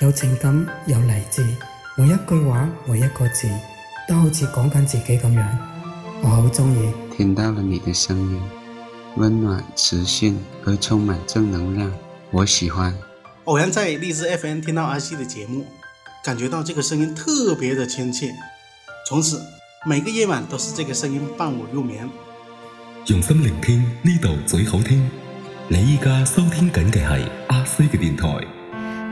有情感，有理智，每一句話，每一個字，都好似講緊自己咁樣。我好鍾意。聽到了你的聲音，溫暖、磁性，和充滿正能量。我喜歡。偶然在荔枝 FM 聽到阿西的節目，感覺到這個聲音特別的親切。從此，每個夜晚都是這個聲音伴我入眠。用心聆聽呢度最好聽。你而家收聽緊嘅係阿西嘅電台。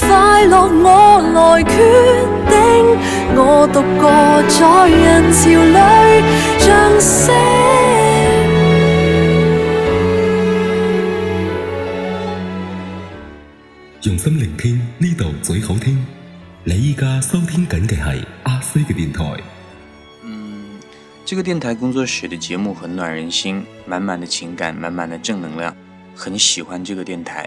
快樂我來決定，用心聆聽，呢度最好聽。你依家收聽緊嘅係阿西嘅電台。嗯，這個電台工作室嘅節目很暖人心，滿滿的情感，滿滿的正能量，很喜歡這個電台。